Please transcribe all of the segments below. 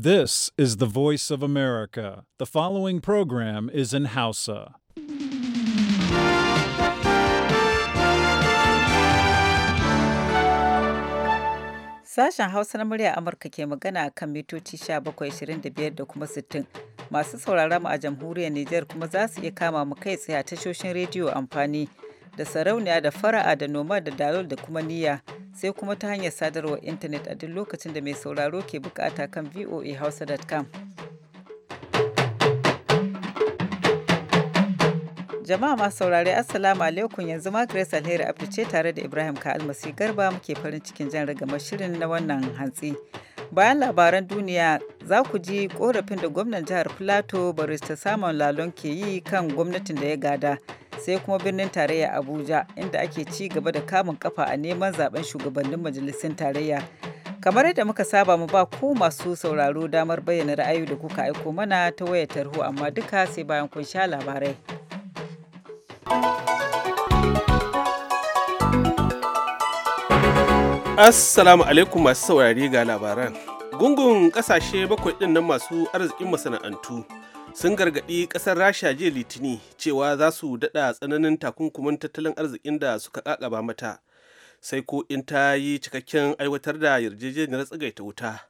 This is the voice of America. The following program is in Hausa. Sashen Hausa na murya Amurka ke magana a kan mitoci 1725 da kuma 60. Masu sauraron mu a jamhuriyar Nijar kuma za su iya kama mu kai tsaye a tashoshin rediyo amfani. da sarauniya da fara'a da noma da dalol da kuma niyya sai kuma ta hanyar sadarwar intanet a duk lokacin da mai sauraro ke bukata kan voahausa.com. jama'a masu saurare assalamu alaikum yanzu ma grace alheri abdu ce tare da ibrahim ka almasi garba muke farin cikin jan ragamar shirin na wannan hantsi Bayan labaran duniya za ku ji korafin da gwamnan jihar Filato barista Samun Lalon ke yi kan gwamnatin da ya gada sai kuma birnin tarayya Abuja inda ake ci gaba da kamun kafa a neman zaben shugabannin majalisun tarayya. Kamar yadda muka saba mu ba ku masu sauraro damar bayyana ra'ayi da kuka aiko mana ta wayar tarho amma duka sai bayan kun sha labarai. Assalamu alaikum masu saurari ga labaran. Gungun kasashe bakwai ɗin nan masu arzikin masana'antu sun gargaɗi ƙasar Rasha jiya Litini cewa za su daɗa tsananin takunkumin tattalin arzikin da suka ƙaƙaba mata. Sai ko in ta yi cikakken aiwatar da yarjejeniyar tsagaita wuta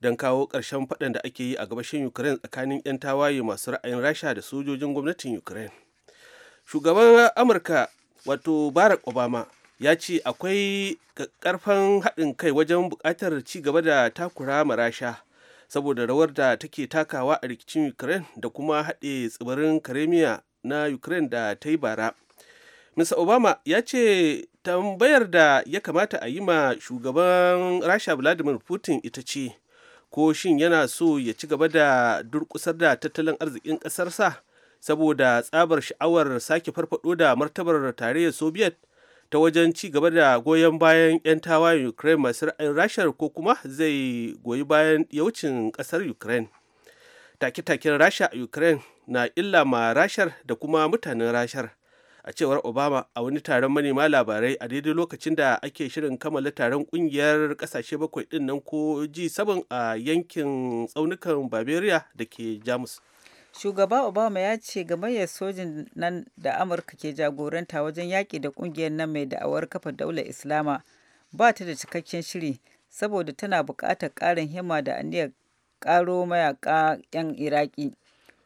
don kawo ƙarshen faɗan da ake yi a gabashin Ukraine tsakanin 'yan tawaye masu ra'ayin Rasha da sojojin gwamnatin Ukraine. Shugaban Amurka wato Barack Obama ya ce akwai karfan haɗin kai wajen buƙatar ci gaba da takura marasha saboda rawar da take takawa a rikicin ukraine da kuma haɗe tsibirin karemiya na ukraine da ta yi bara mr obama ya ce tambayar da ya kamata a yi ma shugaban rasha vladimir putin ita ce ko shin yana so ya ci gaba da durƙusar da tattalin arzikin ƙasarsa saboda tsabar sha'awar sake farfado da martabar tarayyar soviet ta wajen ci gaba da goyon bayan 'yan tawayen ukraine masu ra'ayin rashar ko kuma zai goyi bayan yaucin kasar ukraine take-taken rasha a ukraine na illa ma rashar da kuma mutanen rashar a cewar obama a wani taron manema labarai a daidai lokacin da ake shirin kammala taron kungiyar kasashe bakwai din nan ko ji sabon a yankin tsaunukan bavaria da ke jamus Shugaba Obama ya ce gamayyar sojin nan da Amurka ke jagoranta wajen yaƙi da ƙungiyar nan mai da'awar kafa daular Islama ba ta da cikakken shiri saboda tana buƙatar ƙarin himma da aniyar ƙaro mayaƙa 'yan Iraki.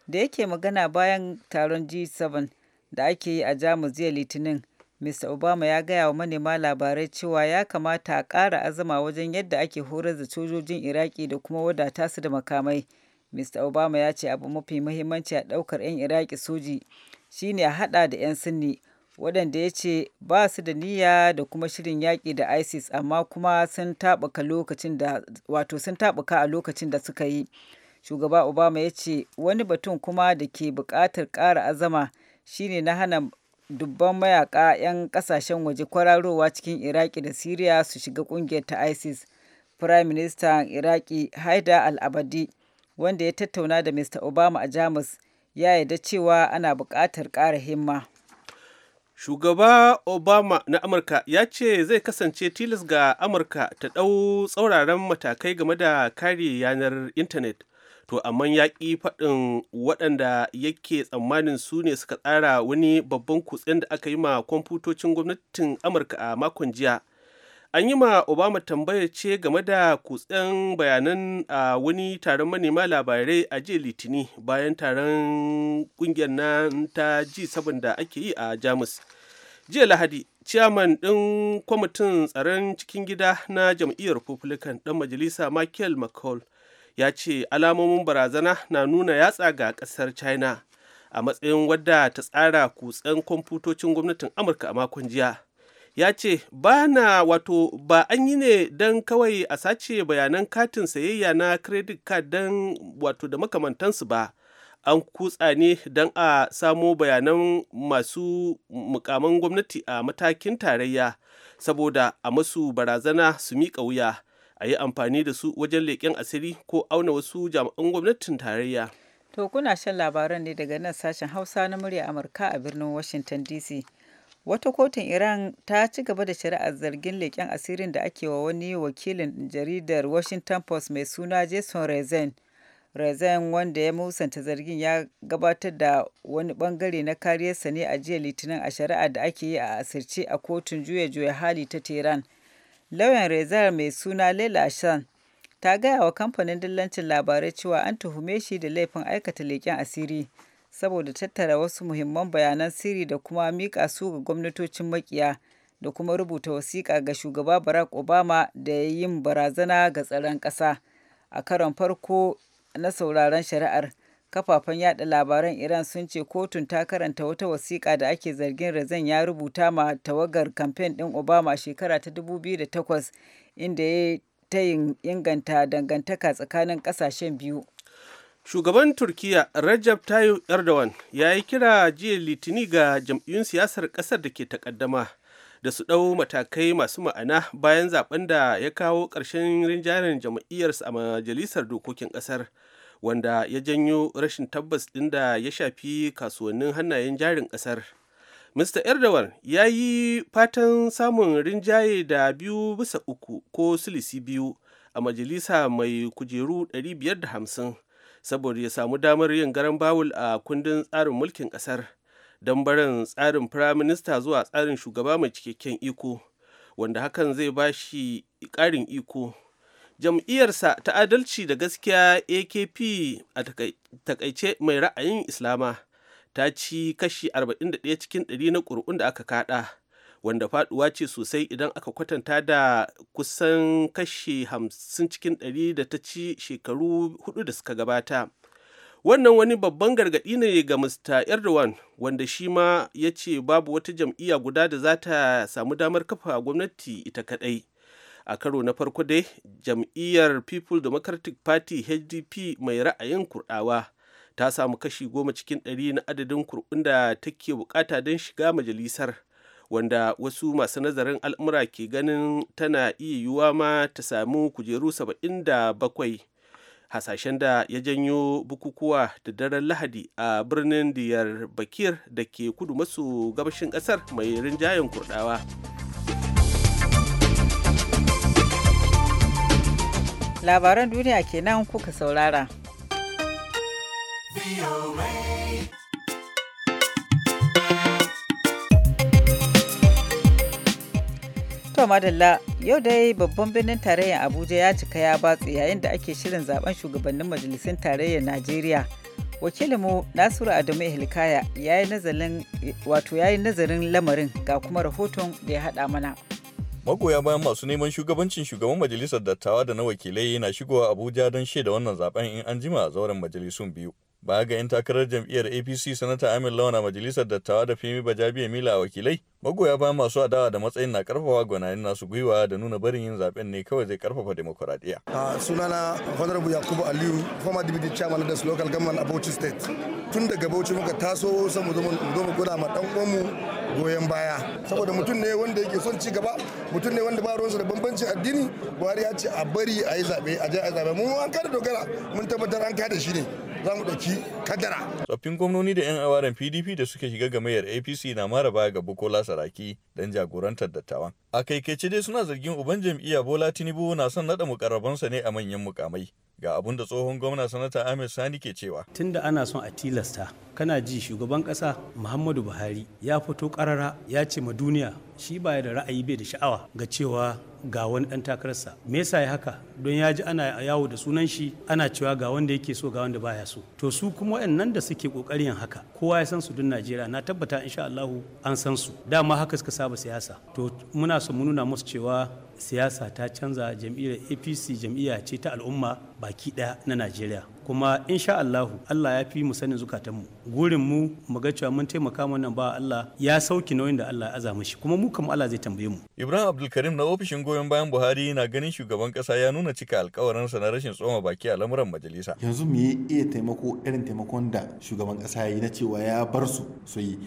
Da yake magana bayan taron G7 da ake yi a Jamus jiya Litinin, Mr. Obama ya gaya wa manema labarai cewa ya kamata a ƙara azama wajen yadda ake horar da sojojin Iraki da kuma wadata su da makamai. Mr. Obama ya ce abu mafi muhimmanci a ɗaukar 'yan Iraki soji shine a haɗa da 'yan Sinni, waɗanda ya ce ba su da niyya da kuma shirin yaƙi da ISIS amma kuma sun taɓuka a lokacin da suka yi. Shugaba Obama ya ce wani batun kuma da ke buƙatar ƙara azama shine na hana dubban mayaka 'yan ƙasashen waje kwararowa cikin Iraki da Siriya su shiga ƙungiyar ta ISIS. Firayim Ministan Iraki haida al-Abadi wanda ya tattauna da Mr. Obama a Jamus ya yarda cewa ana buƙatar ƙara himma. Shugaba Obama na Amurka ya ce zai kasance tilas ga Amurka ta ɗau tsauraran matakai game da kare yanar intanet. To, amma ya ƙi faɗin waɗanda yake tsammanin su ne suka tsara wani babban kutsen da aka yi ma kwamfutocin gwamnatin Amurka a makon jiya. an yi ma obama tambaya ce game da kutsen bayanan a wani taron manema labarai a jiya litini bayan taron kungiyar nan ta g7 da ake yi a jamus jiya lahadi ciyaman ɗin kwamitin tsaron cikin gida na jam'iyyar republican ɗan majalisa michael mccall ya ce alamomin barazana na nuna yatsa ga ƙasar china a matsayin wadda ta tsara kutsen kwamfutocin gwamnatin amurka a makon jiya ya ce ba na wato ba an yi ne don kawai a sace bayanan katin sayayya na credit card don wato da makamantansu ba an kutsa ne don a samo bayanan masu mukaman gwamnati a matakin tarayya saboda a masu barazana su miƙa wuya a yi amfani da su wajen leƙen asiri ko auna wasu jami'an gwamnatin tarayya to kuna shan labaran ne daga nan sashen hausa na murya amurka a birnin washington dc Wata kotun Iran ta ci gaba da shari'ar zargin leƙen asirin da ake wa wani wakilin jaridar Washington Post mai suna Jason Rezen. Rezen wanda ya musanta zargin ya gabatar da wani bangare na kariyarsa ne a jiya litinin a shari'a da ake yi a asirce a kotun juya juya hali ta Tehran. Lauyan rezar mai suna Leila Shan ta gaya wa kamfanin dillancin labarai cewa an tuhume shi da laifin aikata leƙen asiri. saboda tattara wasu muhimman bayanan sirri da kuma mika su ga gwamnatocin makiya da kuma rubuta wasiƙa ga shugaba barack obama da yin barazana ga tsaron ƙasa a karon farko na sauraron shari'ar kafafen yada labaran iran sun ce kotun ta karanta wata wasiƙa da ake zargin razan ya rubuta ma tawagar kamfen ɗin obama shekara ta 2008 inda ya ta inganta dangantaka tsakanin ƙasashen biyu shugaban Turkiyya, rajab tayyip erdogan ya yi kira jiya litini ga jam'iyyun siyasar kasar da ke takaddama da su ɗau matakai masu ma'ana bayan zaben da ya kawo ƙarshen rinjayen jam'iyyarsa a majalisar dokokin ƙasar wanda ya janyo rashin tabbas ɗin da ya shafi kasuwannin hannayen jarin ƙasar mr erdogan ya yi fatan samun rinjaye da biyu bisa uku ko silisi biyu a majalisa mai kujeru 550 saboda ya samu damar yin garan bawul a kundin tsarin mulkin ƙasar don barin tsarin firaminista zuwa tsarin shugaba mai cikakken iko wanda hakan zai ba shi ƙarin iko jam'iyyarsa ta adalci da gaskiya akp a takaice mai ra'ayin islama ta ci kashi 41 cikin 100 na ƙuri'un da aka kada wanda faduwa ce sosai idan aka kwatanta da kusan kashi 50 cikin 100 da ta ci shekaru hudu da suka gabata wannan wani babban gargaɗi ne ga mr erdogan wanda shi ma ya ce babu wata jam'iyya guda da za ta samu damar kafa gwamnati ita kaɗai a karo na farko dai jam'iyyar people democratic party hdp mai ra'ayin kurɗawa ta samu kashi goma cikin ɗari na adadin kur'un da take bukata don shiga majalisar wanda wasu masu nazarin al'amura ke ganin tana iya yiwuwa ma ta samu kujeru 77 hasashen da ya janyo bukukuwa da daren lahadi a birnin diyar bakir da ke kudu maso gabashin kasar mai rinjayen kurdawa labaran duniya kenan kuka saurara. To madalla yau dai babban birnin tarayyar Abuja ya cika ya batsu yayin da ake shirin zaben shugabannin majalisun tarayyar Najeriya. Wakilinmu Nasiru Adamu Hilkaya ya yi nazarin ya nazarin lamarin ga kuma rahoton da ya haɗa mana. Magoya bayan masu neman shugabancin shugaban majalisar dattawa da na wakilai na shigowa Abuja don shaida wannan zaben in an jima a zauren majalisun biyu. ba ga 'yan takarar jam'iyyar apc sanata amin launa majalisar dattawa da femi bajabiya mila wakilai magoya ba masu adawa da matsayin na karfafa gwanayen nasu gwiwa da nuna barin yin zaben ne kawai zai karfafa demokuraɗiyya. a sunana honorable yakubu aliyu former deputy chairman da local government a bauchi state tun daga bauchi muka taso san mu zo mu gwada ma dan uwanmu goyon baya saboda mutum ne wanda yake son ci gaba mutum ne wanda ba ruwansa da bambancin addini buhari ya ce a bari a yi zaɓe a je a zaɓe mu an kada dogara mun tabbatar an kada shi ne za mu ɗauki kadara. tsoffin gwamnoni da 'yan awaren pdp da suke shiga gamayyar apc na mara baya ga bukola saraki don jagorantar dattawan a kaikaice dai suna zargin uban jam'iyya bola tinubu na son naɗa mukarrabansa ne a manyan mukamai ga abun da tsohon gwamna sanata ahmed sani ke cewa tunda ana son a tilasta kana ji shugaban kasa muhammadu buhari ya fito karara ya ce ma duniya shi baya da ra'ayi bai da sha'awa ga cewa ga wani dan takararsa me yasa ya haka don ya ji ana yawo da sunan shi ana cewa ga wanda yake so ga wanda baya so to su kuma waɗannan da suke kokarin yin haka kowa ya san su duk Najeriya na tabbata insha Allahu an san su dama haka suka saba siyasa to muna so mu nuna musu cewa siyasa ta canza jam'iyyar apc jam'iyya ce ta al'umma baki daya na najeriya kuma insha allahu allah ya fi mu sanin zukatanmu gurin mu mu ga cewa mun taimaka mana ba allah ya sauki nauyin da allah ya aza shi kuma mu kam allah zai tambaye mu ibrahim abdulkarim na ofishin goyon bayan buhari na ganin shugaban kasa ya nuna cika sa na rashin tsoma baki a lamuran majalisa yanzu mu yi iya taimako irin taimakon da shugaban kasa ya yi na cewa ya bar su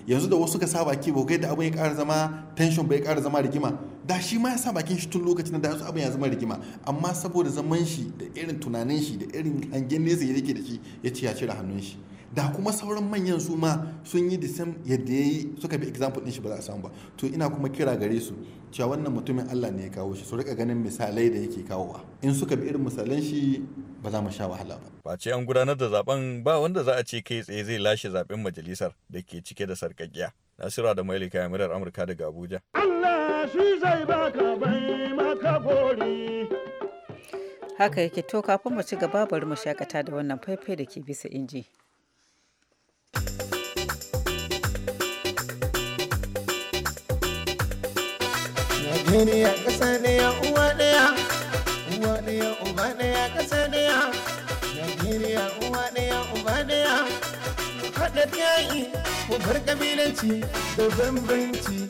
yanzu da wasu ka sa baki ba da abin ya kara zama tension bai kara zama rigima da shi ma ya sa bakin shi tun lokacin da su abin ya zama rigima amma saboda zaman shi da irin tunanin shi da irin hangen nesa ya yake da shi ya ce ya cire hannun shi da kuma sauran manyan su ma sun yi disam yadda ya yi suka bi example din shi ba za a samu ba to ina kuma kira gare su cewa wannan mutumin Allah ne ya kawo shi su rika ganin misalai da yake kawowa in suka bi irin misalan shi ba za mu sha wahala ba. Face an gudanar da zaben ba wanda za a ce kai tsaye zai lashe zaben majalisar da ke cike da sarkakiya. Nasira da Mailika murar Amurka daga Abuja. Allah shi zai baka bai maka gori. Haka yake to kafin mu ci gaba bari mu shakata da wannan faifai da ke bisa inji. Najeriya ƙasa ya uwa ɗaya, uwa ɗaya uba ɗaya ƙasa ɗaya. Najeriya uwa ɗaya uba ɗaya, haɗa yayi, mu bar ƙabilanci da bambanci.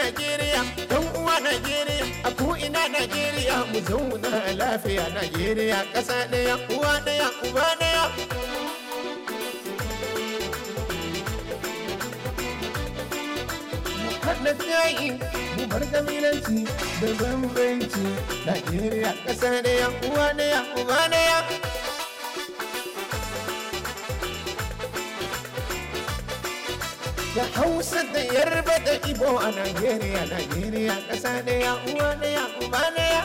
Najeriya, dan uwa Najeriya, a ko ina Najeriya mu zauna lafiya Najeriya ƙasa ɗaya, uwa ɗaya, uba ɗaya. Haɗa tsayi, mu bar kabilanci da bambanci, Najeriya ƙasa ɗaya, uwa ɗaya, uba ɗaya. da hausa da yarba da ibo a nigeria nigeria ƙasa ɗaya uwa ɗaya uba ɗaya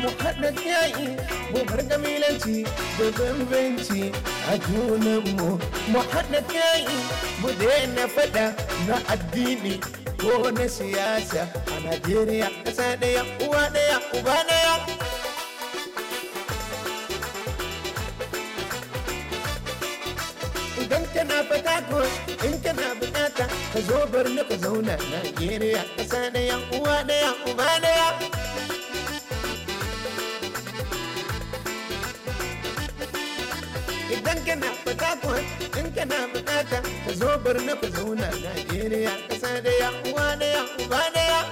mu haɗa yayi mu bar gamilanci da bambanci a junanmu mu haɗa yayi mu daina faɗa na addini ko na siyasa a Najeriya ƙasa ɗaya uwa ɗaya uba ɗaya. Idan kana fata ko in kana bukata ka zo bar ka zauna Najeriya ƙasa ɗaya uwa ɗaya uba ɗaya. magana fata kuwa in kana bukata ka zo bar na ku zauna Najeriya kasa da ya uwa da ya uba da ya.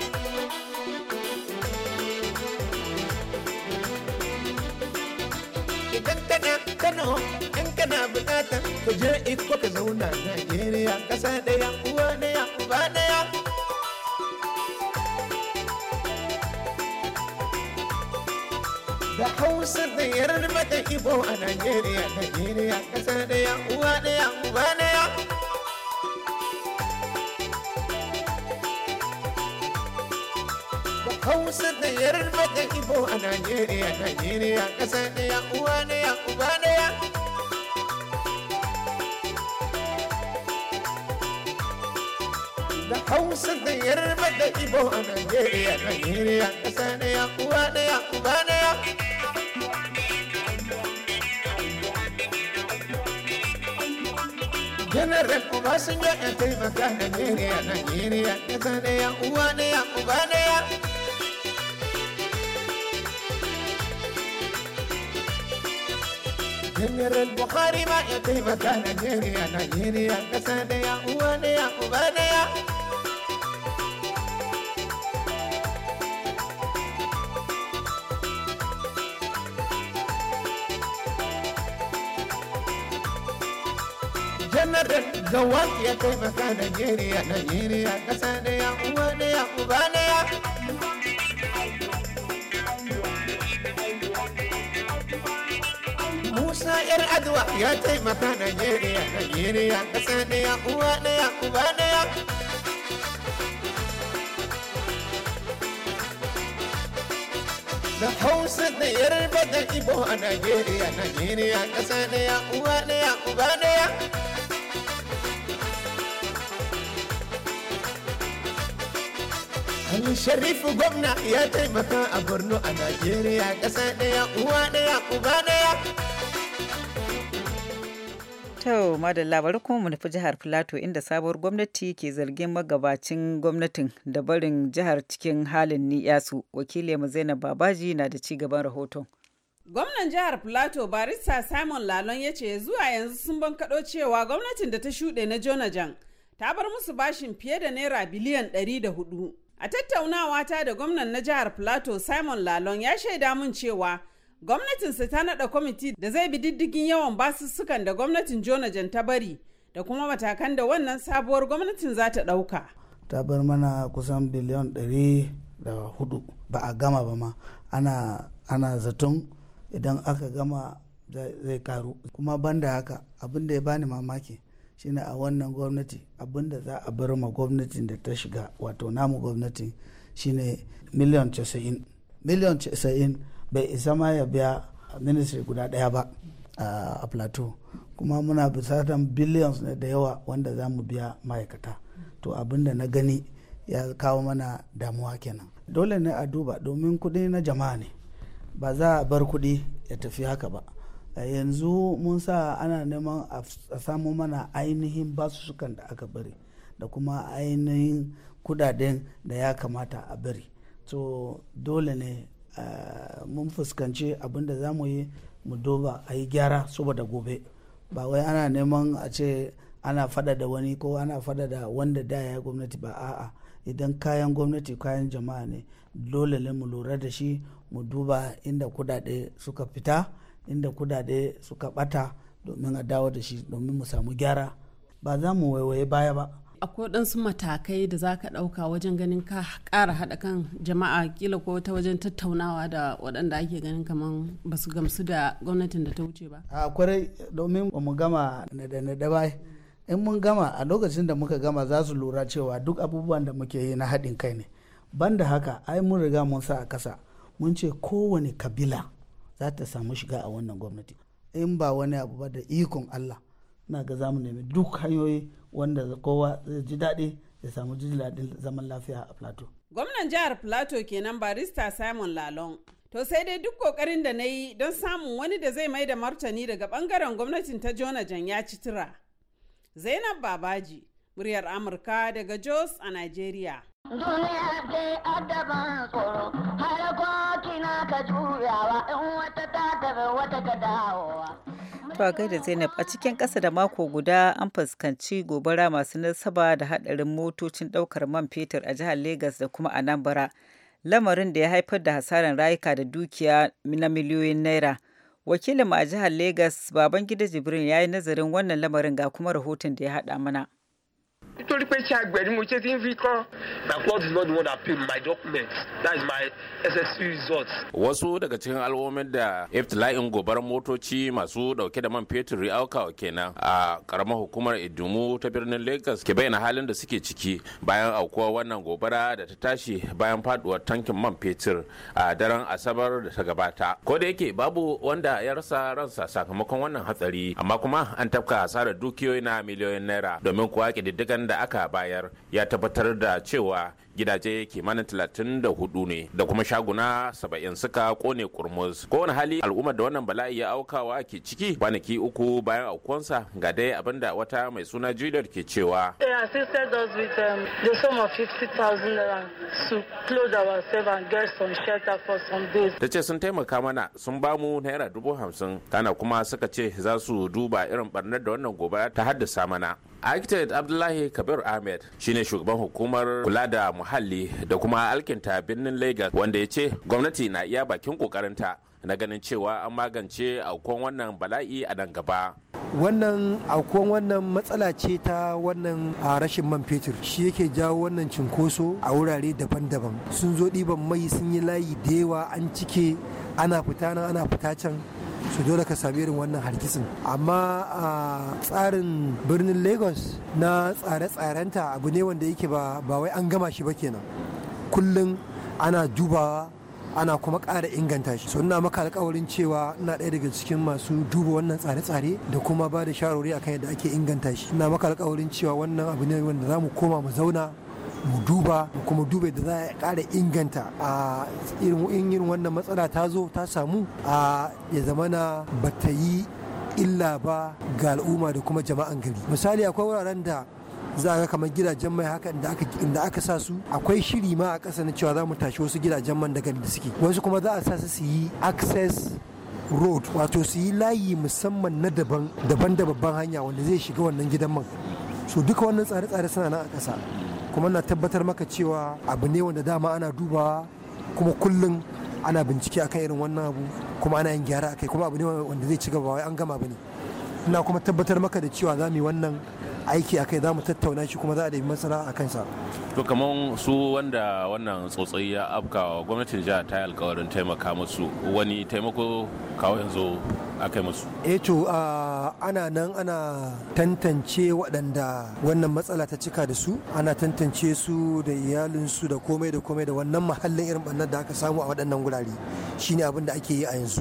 Idan kana Kano in kana bukata ku je iko ka zauna Najeriya kasa da ya uwa da ya uba da ya. da hausa da yarba da ibo a najeriya najeriya kasa daya uwa daya uba daya da hausa da yarba da ibo a najeriya najeriya kasa daya uwa daya uba daya da hausa da yarba da ibo a najeriya najeriya kasa daya uwa daya uba daya general obasanjo ya taimaka najeriya najeriya ƙasa ɗaya uwa ɗaya uba ya general buhari ma ya taimaka najeriya najeriya ƙasa uwa uba Janaral Gawal ya taimaka Najeriya, Najeriya ƙasa ɗaya, uwa ɗaya, uba ɗaya. Musa ‘yar Adwa ya taimaka Najeriya, Najeriya ƙasa ɗaya, uwa ɗaya, uba ɗaya. Da Hausa da Yarba da Ibo a Najeriya, Najeriya ƙasa ɗaya, uwa ɗaya, uba ɗaya. sharifu gwamna ya taimaka a borno a najeriya ƙasa ɗaya uwa ɗaya uba ɗaya to madalla bari kuma mu nufi jihar plateau inda sabuwar gwamnati ke zargin magabacin gwamnatin da barin jihar cikin halin niyasu mu zainab babaji na da cigaban gaban rahoton gwamnan jihar plateau barista simon lalon ya ce zuwa yanzu sun bankaɗo cewa gwamnatin da ta shuɗe na jonajan ta bar musu bashin fiye da naira biliyan 104 A tattaunawa ta da gwamnan na jihar Plateau Simon Lalon ya shaida mun cewa gwamnatinsa ta naɗa kwamiti da zai bi diddigin yawan basussukan da gwamnatin Jonajan ta bari da kuma matakan da wannan sabuwar gwamnatin za ta ɗauka. Ta bar mana kusan biliyon ɗari da hudu ba a gama ba ma ana, ana zaton idan aka gama zai karu kuma banda haka abin da ya bani mamaki shine a wannan gwamnati abinda za a bar ma gwamnatin da ta shiga wato namu gwamnatin shine miliyan 90 miliyan 90 bai isa ma ya biya ministry guda daya ba a plateau kuma muna bisatan billions ne da yawa wanda za mu biya ma'aikata to abinda na gani ya kawo mana damuwa kenan dole ne a duba domin kuɗi na jama'a ne ba za a bar kuɗi ya tafi haka ba yanzu mun sa ana neman a samu mana ainihin basussukan da aka bari da kuma ainihin kudaden da ya kamata a bari to dole ne mun fuskanci abin da za mu yi mu duba a yi gyara saboda gobe ba wai ana neman a ce ana fada da wani ko ana fada da wanda da ya gwamnati ba a'a idan kayan gwamnati kayan jama'a ne dole ne mu lura da shi mu duba inda kudade suka fita inda kudade suka bata domin a dawo da shi domin mu samu gyara ba za mu waiwaye baya ba akwai waɗansu matakai da za ka ɗauka wajen ganin ka ƙara haɗa kan jama'a kila ko ta wajen tattaunawa da waɗanda ake ganin kamar ba su gamsu da gwamnatin da ta wuce ba a kwarai domin ba mu gama da naɗe ba in mun gama a lokacin da muka gama za su lura cewa duk abubuwan da muke yi na haɗin kai ne banda haka ai mun riga mun sa a kasa mun ce kowane kabila za ta samu shiga a wannan gwamnati in ba wani abu ba da ikon Allah na ga zamu nemi duk hanyoyi wanda kowa zai ji daɗi ya samu jin zaman lafiya a plateau. gwamnan jihar plateau kenan barista simon lalon to sai dai duk kokarin da na yi don samun wani da zai mai da martani daga bangaren gwamnatin ta jona jonajan ya ci tura zainab babaji muryar amurka daga jos a nigeria duniya dai adaban tsoro har kina ka juyawa in wata ta tafi wata ta dawowa To a gaida Zainab a cikin ƙasa da mako guda an fuskanci gobara masu nasaba da haɗarin motocin ɗaukar man fetur a jihar Legas da kuma Anambra. Lamarin da ya haifar da hasarar rayuka da dukiya na miliyoyin naira. Wakilin a jihar Legas Babangida Jibrin ya yi nazarin wannan lamarin ga kuma rahoton da ya haɗa mana. nítorí pé ṣe àgbẹ̀ ni mo ṣe ti ń fi kọ́. my court is not the one that pay my document that is my SSC result. wasu daga cikin al'ummomin da iftila'in gobarar motoci masu dauke da man fetur ya aukawa kenan a karamar hukumar idumu ta birnin lagos ke bayyana halin da suke ciki bayan aukuwa wannan gobara da ta tashi bayan faduwar tankin man fetur a daren asabar da ta gabata ko da yake babu wanda ya rasa ransa sakamakon wannan hatsari amma kuma an tafka hasarar dukiyoyi na miliyoyin naira domin kuwa kididdigan da aka bayar ya tabbatar da cewa gidaje kimanin hudu ne da kuma shaguna 70 suka kone kurmus kowane hali al'ummar da wannan bala'i ya aukawa ke ciki kwanaki uku bayan aukuwansa ga dai abinda wata mai suna juliet ke cewa ta ce sun taimaka mana sun bamu naira dubu hamsin kana kuma suka ce za su duba irin barnar da wannan gobara ta haddasa mana architect abdullahi kabir ahmed shine shugaban hukumar kula da muhalli da kuma alkinta birnin legas wanda ya ce gwamnati na iya bakin kokarinta na ganin cewa an magance aukuwan wannan bala'i a nan gaba wannan aukuwan wannan matsala ce ta wannan a rashin man fetur shi yake jawo wannan cinkoso a wurare daban-daban sun zo ɗiban mai sun yi layi da yawa an cike ana fita nan ana fita can su dole ka sami irin wannan hargitsin amma a tsarin birnin lagos na tsare-tsarenta abu ne wanda yake ba wai an gama shi ba kenan kullum ana dubawa ana kuma ƙara inganta shi so ina maka alƙawarin cewa ina ɗaya daga cikin masu duba wannan tsare-tsare da kuma ba da shawarwari akan yadda ake inganta shi ina maka alƙawarin cewa wannan abu ne wanda za mu koma mu zauna mu duba kuma duba da za a kara inganta a irin irin wannan matsala ta zo ta samu a ya zamana ba ta yi illa ba ga al'umma da kuma jama'an gari misali akwai wuraren da za ga kamar gidajen mai haka inda aka sa su akwai shiri ma a ƙasa na cewa za mu tashi wasu gidajen man daga da suke wasu kuma za a sa su yi access road wato su yi layi musamman na daban daban da babban hanya wanda zai shiga wannan gidan man so duka wannan tsare-tsare suna nan a ƙasa kuma na tabbatar maka cewa abu ne wanda dama ana duba kuma kullum ana bincike akan irin wannan abu kuma ana yin gyara akai kuma abu ne wanda zai ci gaba wai an gama ba ne ina kuma tabbatar maka da cewa za mu yi wannan aiki akai za mu tattauna shi kuma za a ɗabi masara a kansa to kamar su wanda wannan tsotsai ya afkawa gwamnatin jihar ta yi alkawarin taimaka musu wani taimako kawo yanzu aka musu eh to ana nan ana tantance waɗanda wannan matsala ta cika da su ana tantance su da iyalinsu da komai da komai da wannan mahallin irin ɓannar da aka samu a waɗannan wurare shine abin da ake yi a yanzu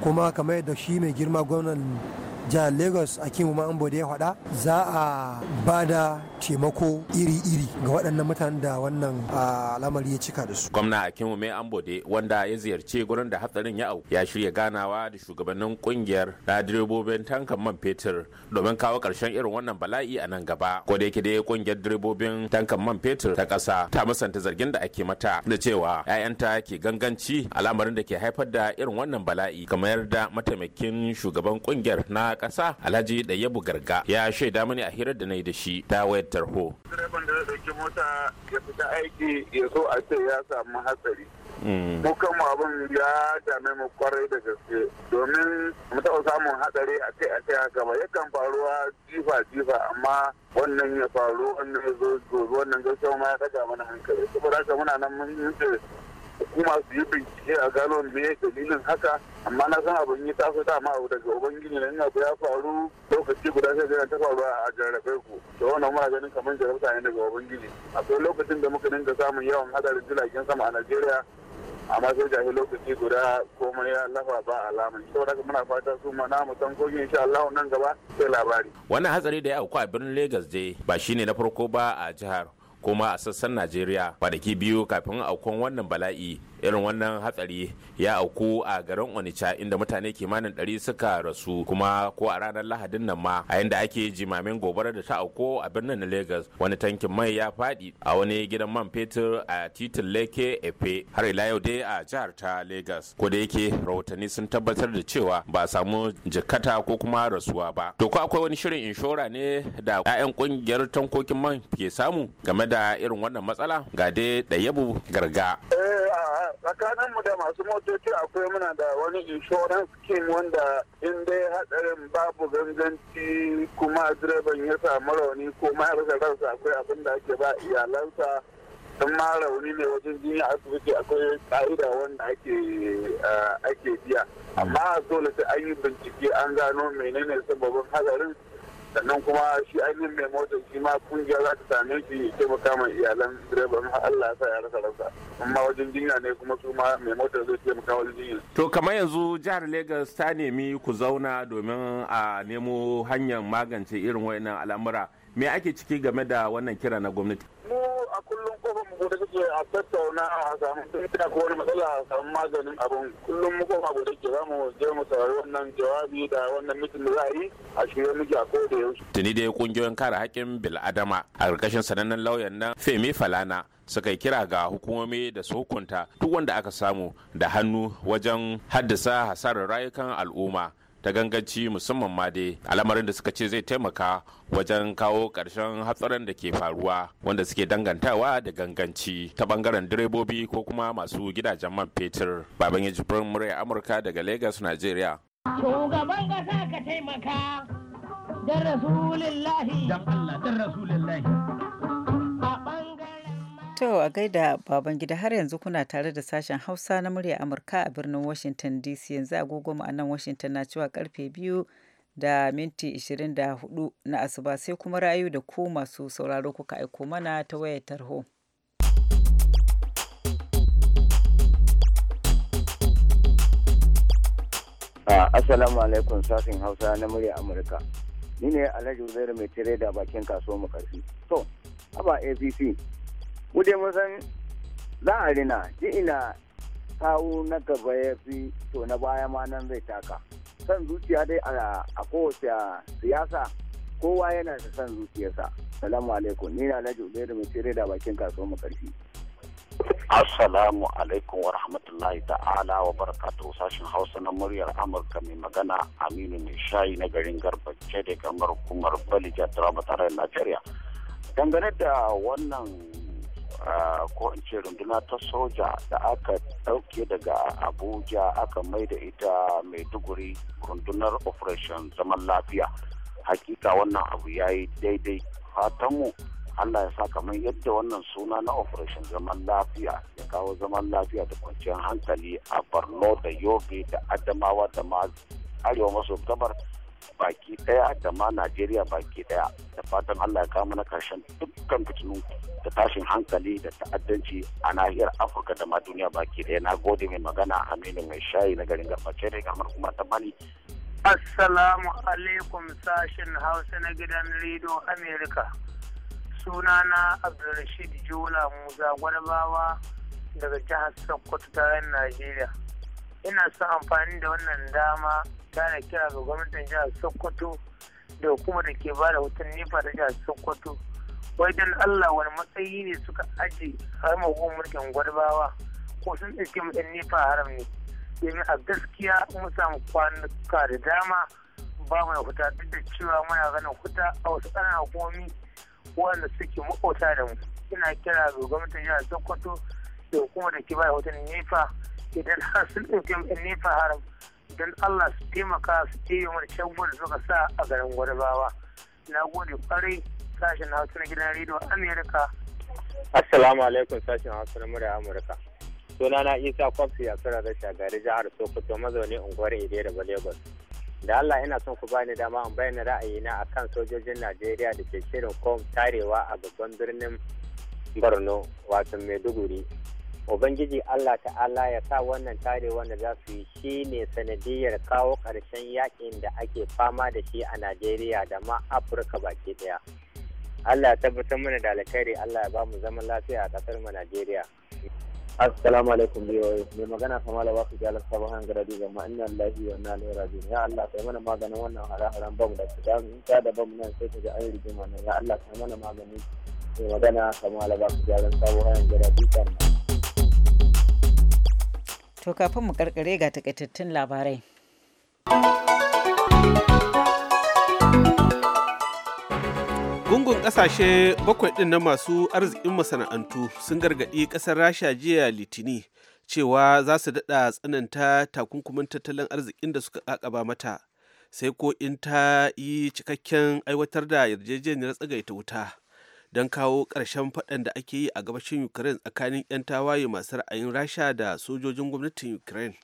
kuma kamar yadda shi mai girma gwamnan jihar lagos akimu ma da ya faɗa za a ba da taimako iri-iri ga waɗannan mutanen da wannan al'amari ya cika da su gwamna akimu mai ambode wanda ya ziyarci gurin da hatsarin ya auku ya shirya ganawa da shugabannin kungiyar na direbobin tankan man fetur domin kawo ƙarshen irin wannan bala'i a nan gaba ko da yake dai kungiyar direbobin tankan man fetur ta ƙasa ta musanta zargin da ake mata da cewa 'ya'yanta ke ganganci al'amarin da ke haifar da irin wannan bala'i kamar da mataimakin shugaban kungiyar na kasa ƙasa Alhaji yabu Garga ya shaida mani a hirar da na yi da shi ta wayar tarho. Direban da ya ɗauki mota ya fita aiki ya so a ce ya samu hatsari. Hmm. Mukan abin ya dame mu kwarai da gaske domin mu taɓa samun hatsari a kai a kai haka ba yakan faruwa jifa jifa amma wannan ya faru wannan ya zo wannan gaskiya ma ya ɗaga mana hankali saboda haka muna nan mun hukuma su yi bincike a gano me dalilin haka amma na san abin yi taso dama daga ubangiji ne ina ya faru lokaci guda sai ga ta faru a jarrabe ku to wannan muna ganin kamar jarrabta ne daga ubangiji akwai lokacin da muka dinga samun yawan hadarin jiragen sama a Najeriya amma sai gashi lokaci guda komai ya lafa ba to saboda muna fata su ma na mu san ko insha Allah nan gaba sai labari wannan hatsari da ya auku a birnin Lagos dai ba shine na farko ba a jihar kuma a sassan najeriya kwanaki biyu kafin aukon wannan bala'i irin wannan hatsari ya auku a garin onitsha inda mutane kimanin ɗari suka rasu kuma ko a ranar lahadin nan ma a yadda ake jimamin gobarar da ta auku a birnin na lagos wani tankin mai ya faɗi a wani gidan man fetur a titin leke efe har ila yau dai a jihar ta lagos ko da yake rahotanni sun tabbatar da cewa ba a samu jikata ko kuma rasuwa ba to ko akwai wani shirin inshora ne da 'ya'yan ƙungiyar tankokin man ke samu game da irin wannan matsala ga dai da garga eh, tsakaninmu da masu motoci akwai muna da wani insurance scheme wanda in dai hadarin babu ganganci kuma direban ya samu rauni ko ma ransa akwai abin da ake ba iyalansa sun ma rauni ne wajen jinya asibiti akwai ka'ida wanda ake eh, ake biya amma dole sai an yi bincike an gano menene sababin hadarin sannan kuma shi ainihin mai mota shi ma kungiya za ta same shi ya taimaka ma iyalan direban har Allah ya sa ya rasa rasa amma wajen jinya ne kuma su ma mai motar zai taimaka wajen jinya. to kamar yanzu jihar Legas ta nemi ku zauna domin a nemo hanyar magance irin wayannan al'amura me ake ciki game da wannan kira na gwamnati mu a kullum kofar mu da suke a tattauna a samu tuntuɓa ko wani matsala a samu maganin abin kullum mu kofa da ke zamu je mu saurari wannan jawabi da wannan mitin da za a yi a shirye muke a koda yaushe tuni dai kungiyoyin kare haƙƙin bil'adama a ƙarƙashin sanannen lauyan nan femi falana suka yi kira ga hukumomi da su hukunta duk wanda aka samu da hannu wajen haddasa hasarar rayukan al'umma ta ganganci musamman ma dai al'amarin da suka ce zai taimaka wajen kawo ƙarshen hatsarin da ke faruwa wanda suke dangantawa da ganganci ta bangaren direbobi ko kuma masu gidajen man fetur baban yaji murya amurka daga lagos nigeria shugaban kasa ka taimaka da To a gaida baban gida har yanzu kuna tare da sashen Hausa na murya Amurka a birnin Washington DC yanzu agogo mu a Washington na cewa karfe biyu da minti 24 na asuba sai kuma rayu da ku masu sauraro kuka aiko mana ta wayar tarho. Assalamu alaikum sashen Hausa na murya Amurka. Ni ne Alhaji Uzairu mai tire da bakin kasuwar mu karfi. To, haba APC mu dai za a rina ji ina kawo na gaba ya fi to na baya ma nan zai taka san zuciya dai a kowace siyasa kowa yana da san zuciyarsa salamu alaikum ni na alhaji da mai tsere da bakin kasuwar mu karfi assalamu alaikum wa rahmatullahi ta'ala wa barakatu sashen hausa na muryar amurka mai magana aminu mai shayi na garin garbace da kamar kumar balija taraba tare da najeriya dangane da wannan ko in ce runduna ta soja da aka ɗauke daga abuja aka mai da ita maiduguri rundunar operation zaman lafiya hakika wannan abu ya yi daidai fatanmu allah ya sa kamar yadda wannan suna na operation zaman lafiya ya kawo zaman lafiya da kwanciyar hankali a borno da yobe da adamawa da ma arewa maso gabar baki daya da ma Najeriya baki daya da fatan Allah ya kama na karshen dukkan fitinu da tashin hankali da ta'addanci a nahiyar Afirka da ma duniya baki daya na gode mai magana Aminu mai shayi na garin Gaface da gamar kuma ta bani Assalamu alaikum sashin Hausa na gidan Rido Amerika sunana Abdulrashid Jola Musa Gwarbawa daga jihar Sokoto ta Najeriya ina son amfani da wannan dama tana kira ga gwamnatin jihar sokoto da kuma da ke ba da nefa da jihar sokoto wai don allah wani matsayi ne suka aje har hukumar mulkin gwarbawa ko sun ɗauki mutan nefa haram ne domin a gaskiya mun samu kwanuka da dama ba mu da huta duk da cewa muna ganin huta a wasu ƙananan hukumomi wanda suke maƙota da mu ina kira ga gwamnatin jihar sokoto da hukumar da ke ba da nefa idan har sun ɗauki mutan nefa haram don Allah su taimaka su ce mana shagon da suka sa a garin Gwarbawa. Na gode kwarai sashen Hausa na gidan rediyo Amerika. Assalamu alaikum sashen Hausa na murya Amurka. Suna na Isa Kwamfi a Sura Rasha gari jihar Sokoto mazauni unguwar Ide da Balegos. Da Allah yana son ku bani dama in bayyana ra'ayina a kan sojojin Najeriya da ke shirin kom tarewa a babban birnin Borno wato Maiduguri. Ubangiji Allah ta'ala ya sa wannan tare wanda za su yi shi ne sanadiyar kawo ƙarshen yakin da ake fama da shi a Najeriya da ma Afirka baki ɗaya. Allah ya tabbatar mana da alkhairi Allah ya ba mu zaman lafiya a ƙasar mu Najeriya. assalamu alaikum biyoyi mai magana kama da ji jalar sabon hangara da zama ina lafiya wa na lera biyu ya Allah kai mana maganin wannan hare-haren bam da fita in ta da bam nan sai ka ji an yi rigima ya Allah kai mana maganin mai magana kama da ji jalar sabon hangara da zama To kafin mu karkare ga takaitattun labarai. Gungun ƙasashe bakwai ɗin na masu arzikin masana'antu sun gargaɗi ƙasar Rasha jiya Litini cewa za su daɗa tsananta takunkumin tattalin arzikin da suka ƙaƙaba mata sai ko in ta yi cikakken aiwatar da yarjejeniyar tsagaita wuta. don kawo ƙarshen faɗan da ake yi a gabashin ukraine tsakanin 'yan tawaye masu ra'ayin rasha da sojojin gwamnatin ukraine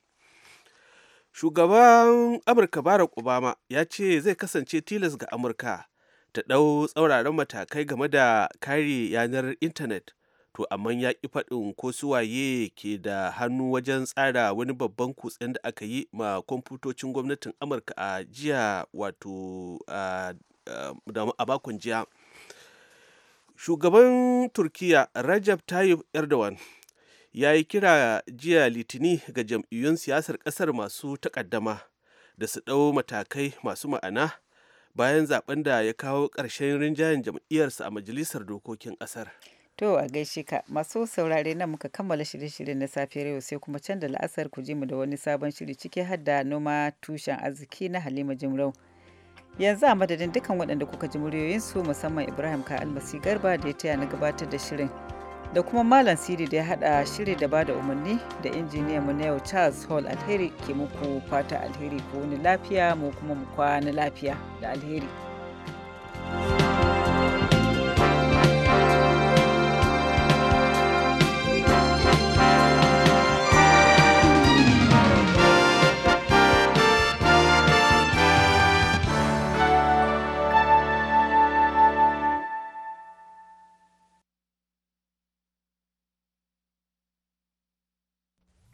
shugaban amurka barack obama ya ce zai kasance tilas ga amurka ta ɗau tsauraran matakai game da kare yanar intanet to amma ya ƙi faɗin ko suwaye ke da hannu wajen tsara wani babban kutsen da aka yi ma kwamfutocin gwamnatin amurka a jiya wato a makon jiya shugaban turkiya rajab tayyip erdogan ya yi kira jiya litini ga jam'iyyun siyasar kasar masu takaddama da su ɗau matakai masu ma'ana bayan zaben da ya kawo ƙarshen rinjayen jam'iyyarsa a majalisar dokokin ƙasar. To a gaishe ka masu saurare na muka kammala shirye shirye na safiyar yau sai kuma can da la'asar ku ji mu da wani sabon shiri ciki har da noma tushen arziki na Halima Jimrau. yanzu a madadin dukkan waɗanda kuka ji muryoyinsu musamman ibrahim ka almasi garba da ya taya na gabatar da shirin da kuma malam siri da ya haɗa shiri da bada umarni da injiniya mu na yau charles hall alheri ke muku fata alheri ko wani lafiya mu kuma mu kwana lafiya da alheri